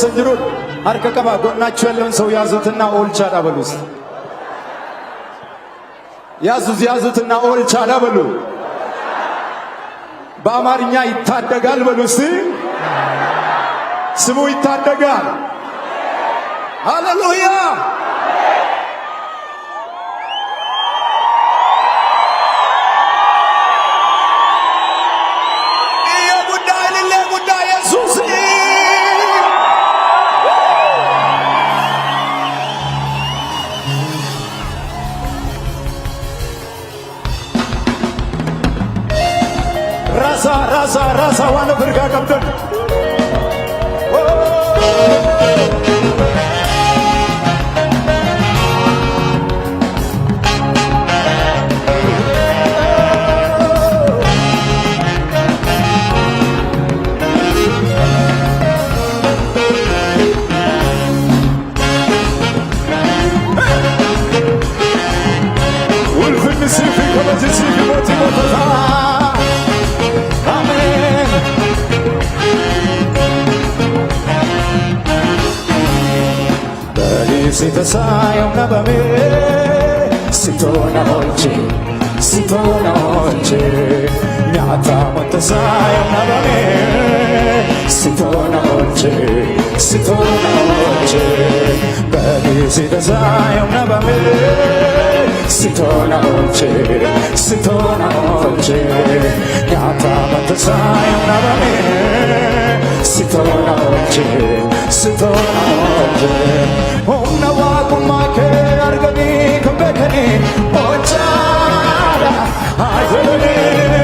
ስንጅሩን አርከቀባ ጎናችሁ ያለውን ሰው ያዙትና ኦልቻዳ በሉ። እስኪ ያዙት ያዙትና ኦልቻዳ በሉ። በአማርኛ ይታደጋል በሉ። ስሙ ይታደጋል። ሃሌሉያ አዋለ ብርጋ ገብተን Confessaio una bambina, si torna oggi, si torna oggi. Mi ha confessaio una bambina, si torna oggi, si torna oggi. Baby, si desai una bambina, si torna oggi, si torna oggi. Mi ha confessaio una bambina, si torna oggi, si torna oggi. Oh, no. I'm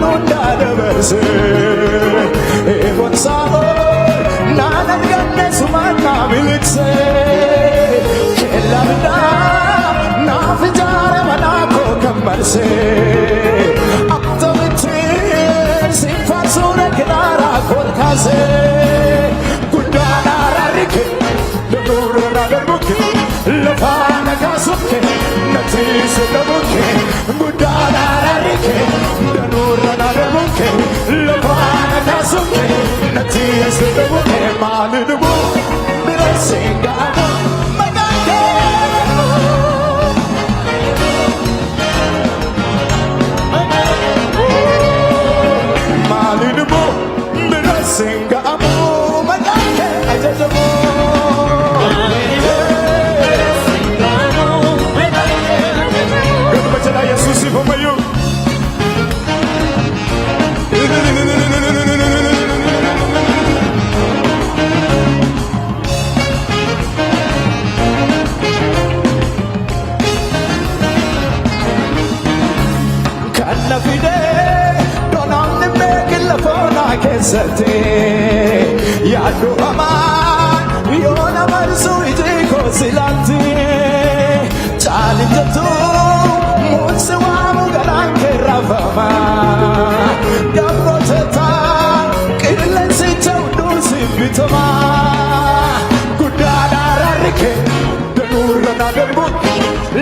ፋኖ እንዳለበስ ኤቦንሳኦ ናነልጋነስ ማና ምልክሰ ኬላብዳ ናፍጃረ መናኮ ከመርሴ አብተምትር ሲፈርሱነ ክዳራ ኮልካሴ ጉዳና ራሪክ ለኑርና ለሙክ ለፋነካሱክ ነትስ ለሙክ That's a way, that's a way, that's a way, alla fide non ho nemmeno che la fona che sa te ya do ama io na marzo i te cosilante chali jato mutse wa mu galan che ravama dabro tata kirlen si tau do si bitama gudada rarike denurra na debut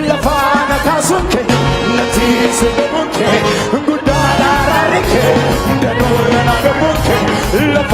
la fana kasunke Look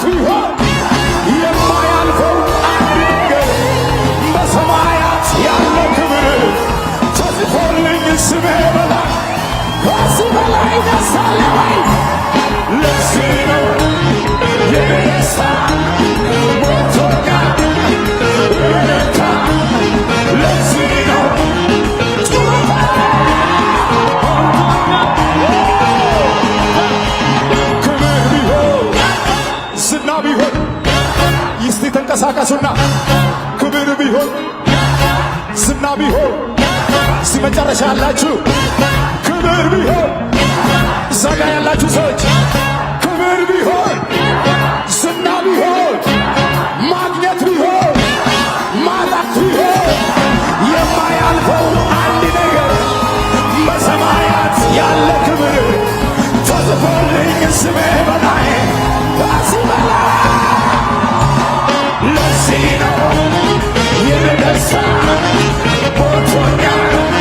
进化。ተንቀሳቀሱና ክብር ቢሆን ዝና ቢሆን እዚህ መጨረሻ ያላችሁ ክብር ቢሆን እዛ ያላችሁ ሰዎች ክብር ቢሆን ዝና ቢሆን ማግኘት ቢሆን ማጣት ቢሆን የማያልፈው አንድ ነገር በሰማያት ያለ ክብር ተጽፎልኝ ስሜ በላይ በላይ Casino, universal, oportunidade.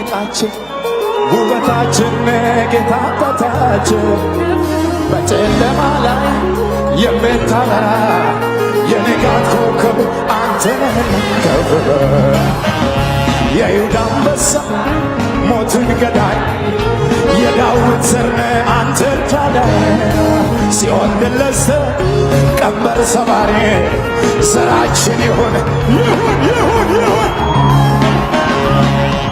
ጌጣችን ውበታችን ጌታ አባታችን በጨለማ ላይ የምታበራ የንጋት ኮከብ አንተነህን ከብበ የይሁዳ አንበሳ ሞትን ገዳይ የዳዊት ስርነ አንተ ካለ ሲሆን ድለስ ቀንበር ሰባሪ ስራችን ይሁን ይሁን ይሁን ይሁን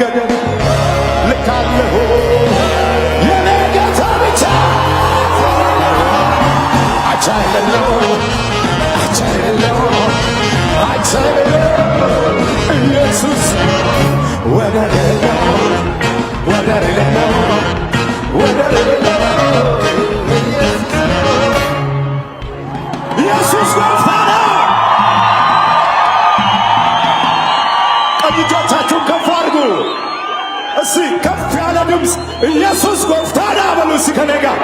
ገደብ ልካለሁ የኔ ጌታ ብቻ አቻ የለው አቻ ኢየሱስ ወደር የለው ወደር የለው ወደር የለው እስኪ ከፍ ያለ ድምፅ ኢየሱስ ጎፍታና በሉ እስኪ ከኔ ጋር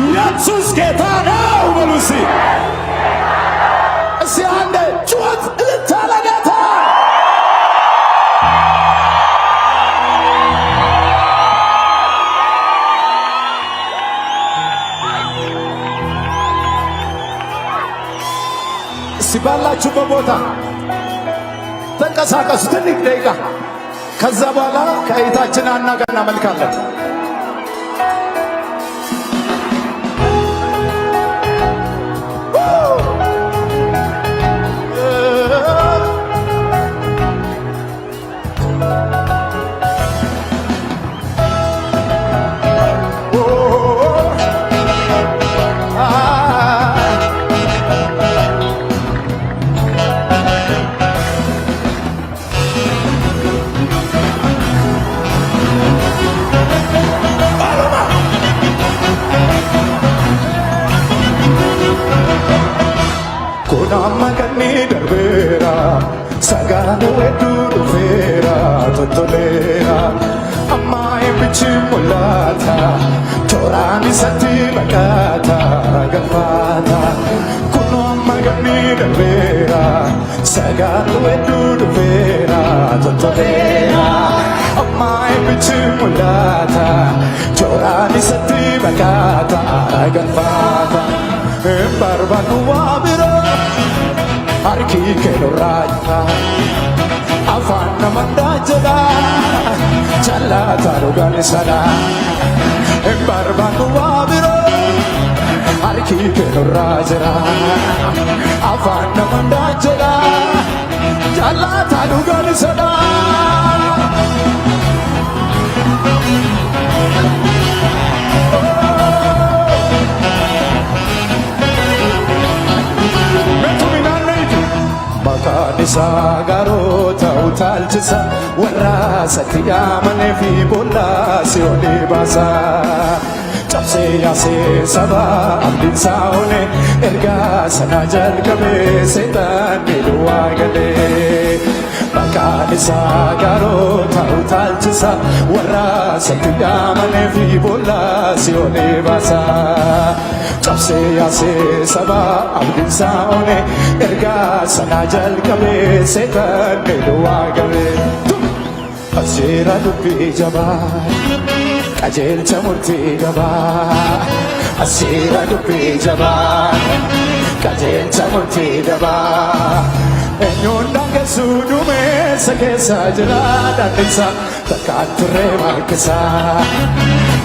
ኢየሱስ ጌታ ነው በሉ እስኪ እስኪ አንዴ ጩኸት እልልታ ለጌታ እስኪ ባላችሁበት ቦታ ተንቀሳቀሱ ትንሽ ደቂቃ ከዛ በኋላ ከእይታችን አና ጋር እናመልካለን። ಬಿಚ್ಚಿ ಮುಲಾತ ಚೋರಾನಿ ಸತಿ ಲಗಾತ ರಗವಾದ ಕುನ್ನೊಮ್ಮ ಗಣ್ಣೀರ ಬೇರ ಸಗಾತು ಎಡ್ಡೂಡು ಬೇರ ಜೊತೆಯ ಅಮ್ಮಾಯಿ ಬಿಚ್ಚಿ ಮುಲಾತ ಚೋರಾನಿ ಸತಿ ಲಗಾತ ರಗವಾದ ಬರ್ಬಗುವಾ ಬಿರೋ harki ke no raita afan namanda jada ቻላት አሮጋን ሰላ እምባርባን ዋብሮ አርኪ ከኖራ ጀራ አፋን ነመንዳ ጀራ ቻላት አሮጋን ሰላ faadhiisa garoota utaalchisa warraasa xiyyaamanee fi boollaa si oli baasa. Cabsee yaasee saba abdiinsaa oole ergaa sana jalqabee seetaan ni duwwaa galee. Maqaan isaa garoota utaalchisa warraasa xiyyaamanee fi boollaa si oli baasa. cabsee sabaa abdinsaa oone ergaa sanaa jalqabee seetaan dheeduwaa gabee asiira dubbii jabaa qajeelcha murtii gabaa asiira dubbii jabaa qajeelcha murtii gabaa eenyuun dangeessuu dumeessa keessa jira dandeessaa takkaan turree markisaa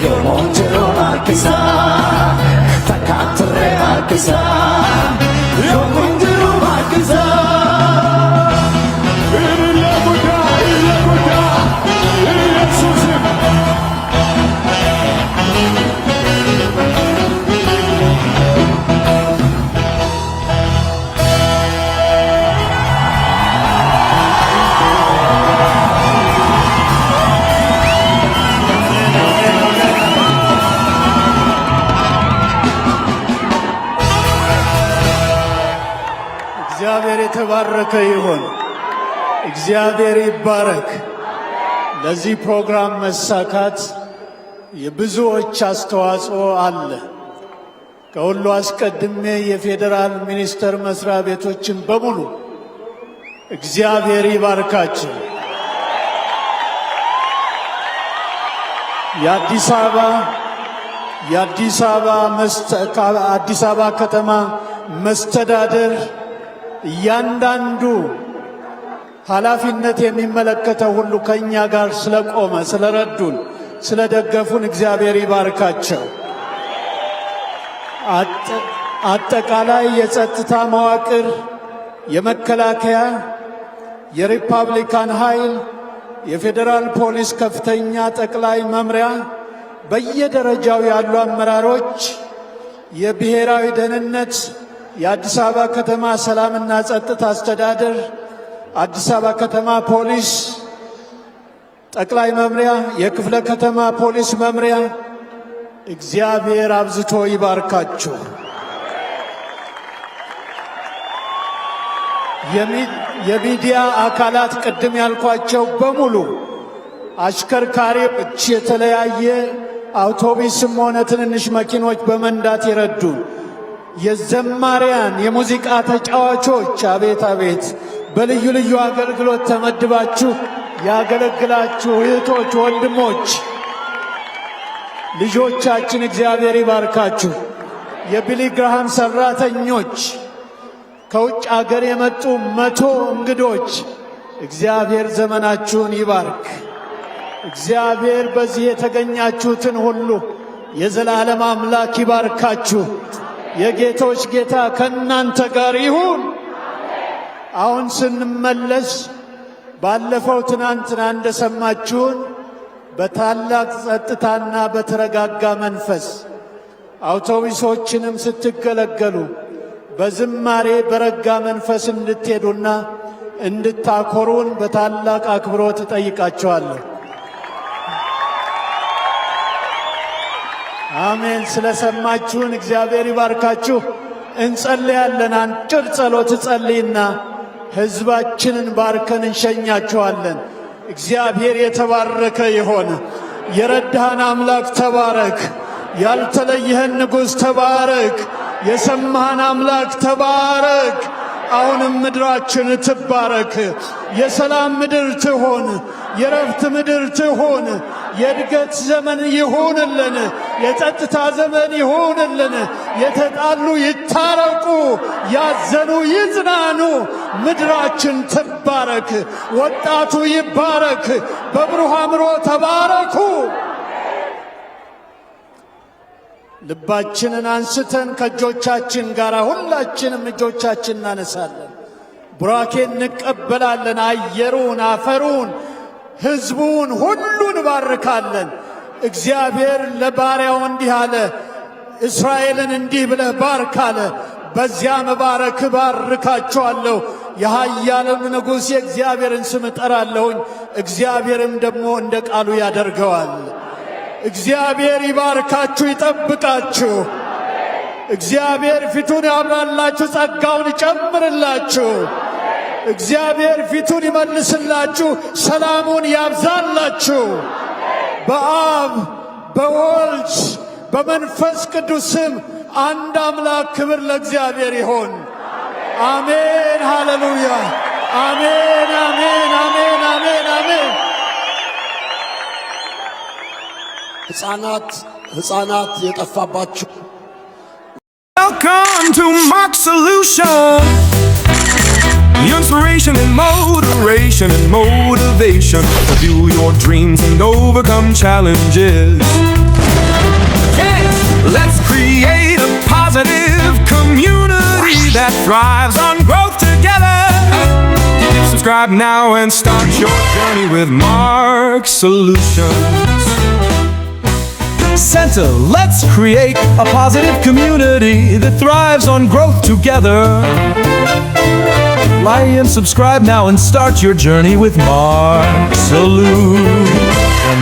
yoomoon jiruun harkisaa. It's የተባረከ ይሁን። እግዚአብሔር ይባረክ። ለዚህ ፕሮግራም መሳካት የብዙዎች አስተዋጽኦ አለ። ከሁሉ አስቀድሜ የፌዴራል ሚኒስቴር መስሪያ ቤቶችን በሙሉ እግዚአብሔር ይባርካቸው። የአዲስ አበባ የአዲስ አበባ ከተማ መስተዳደር እያንዳንዱ ኃላፊነት የሚመለከተው ሁሉ ከእኛ ጋር ስለቆመ ስለረዱን፣ ስለደገፉን እግዚአብሔር ይባርካቸው። አጠቃላይ የጸጥታ መዋቅር፣ የመከላከያ፣ የሪፐብሊካን ኃይል፣ የፌዴራል ፖሊስ ከፍተኛ ጠቅላይ መምሪያ፣ በየደረጃው ያሉ አመራሮች፣ የብሔራዊ ደህንነት የአዲስ አበባ ከተማ ሰላምና ጸጥታ አስተዳደር፣ አዲስ አበባ ከተማ ፖሊስ ጠቅላይ መምሪያ፣ የክፍለ ከተማ ፖሊስ መምሪያ እግዚአብሔር አብዝቶ ይባርካችሁ። የሚዲያ አካላት ቅድም ያልኳቸው በሙሉ አሽከርካሪዎች የተለያየ አውቶቢስም ሆነ ትንንሽ መኪኖች በመንዳት ይረዱን። የዘማሪያን የሙዚቃ ተጫዋቾች አቤት አቤት በልዩ ልዩ አገልግሎት ተመድባችሁ ያገለግላችሁ እህቶች፣ ወንድሞች፣ ልጆቻችን እግዚአብሔር ይባርካችሁ። የቢሊ ሰራተኞች፣ ከውጭ አገር የመጡ መቶ እንግዶች እግዚአብሔር ዘመናችሁን ይባርክ። እግዚአብሔር በዚህ የተገኛችሁትን ሁሉ የዘላለም አምላክ ይባርካችሁ። የጌቶች ጌታ ከእናንተ ጋር ይሁን። አሁን ስንመለስ ባለፈው ትናንትና እንደሰማችሁን በታላቅ ጸጥታና በተረጋጋ መንፈስ አውቶቡሶችንም ስትገለገሉ በዝማሬ በረጋ መንፈስ እንድትሄዱና እንድታኮሩን በታላቅ አክብሮት እጠይቃችኋለሁ። አሜን። ስለሰማችሁን እግዚአብሔር ይባርካችሁ። እንጸልያለን። አጭር ጸሎት እጸልይና ሕዝባችንን ባርከን እንሸኛችኋለን። እግዚአብሔር የተባረከ የሆነ የረዳህን አምላክ ተባረክ። ያልተለየህን ንጉሥ ተባረክ። የሰማህን አምላክ ተባረክ። አሁንም ምድራችን ትባረክ። የሰላም ምድር ትሆን፣ የረፍት ምድር ትሆን። የእድገት ዘመን ይሁንልን፣ የጸጥታ ዘመን ይሁንልን። የተጣሉ ይታረቁ፣ ያዘኑ ይጽናኑ። ምድራችን ትባረክ፣ ወጣቱ ይባረክ፣ በብሩህ አእምሮ ተባረኩ። ልባችንን አንስተን ከእጆቻችን ጋር ሁላችንም እጆቻችን እናነሳለን። ቡራኬ እንቀበላለን። አየሩን፣ አፈሩን ሕዝቡን ሁሉ እንባርካለን። እግዚአብሔር ለባሪያው እንዲህ አለ፣ እስራኤልን እንዲህ ብለህ ባርክ አለ። በዚያ መባረክ ባርካቸዋለሁ። የኃያለም ንጉሥ የእግዚአብሔርን ስም እጠራለሁኝ፣ እግዚአብሔርም ደግሞ እንደ ቃሉ ያደርገዋል። እግዚአብሔር ይባርካችሁ፣ ይጠብቃችሁ። እግዚአብሔር ፊቱን ያብራላችሁ፣ ጸጋውን ይጨምርላችሁ። እግዚአብሔር ፊቱን ይመልስላችሁ፣ ሰላሙን ያብዛላችሁ። በአብ በወልድ በመንፈስ ቅዱስ ስም አንድ አምላክ ክብር ለእግዚአብሔር ይሆን። አሜን። ሃሌሉያ። አሜን፣ አሜን፣ አሜን፣ አሜን፣ አሜን። ሕፃናት ሕፃናት የጠፋባችሁ Welcome to Mock Solution inspiration and moderation and motivation to view your dreams and overcome challenges. Yeah. Let's create a positive community that thrives on growth together. Subscribe now and start your journey with Mark Solutions. Center, let's create a positive community that thrives on growth together. Lion. and subscribe now and start your journey with Mark Salute.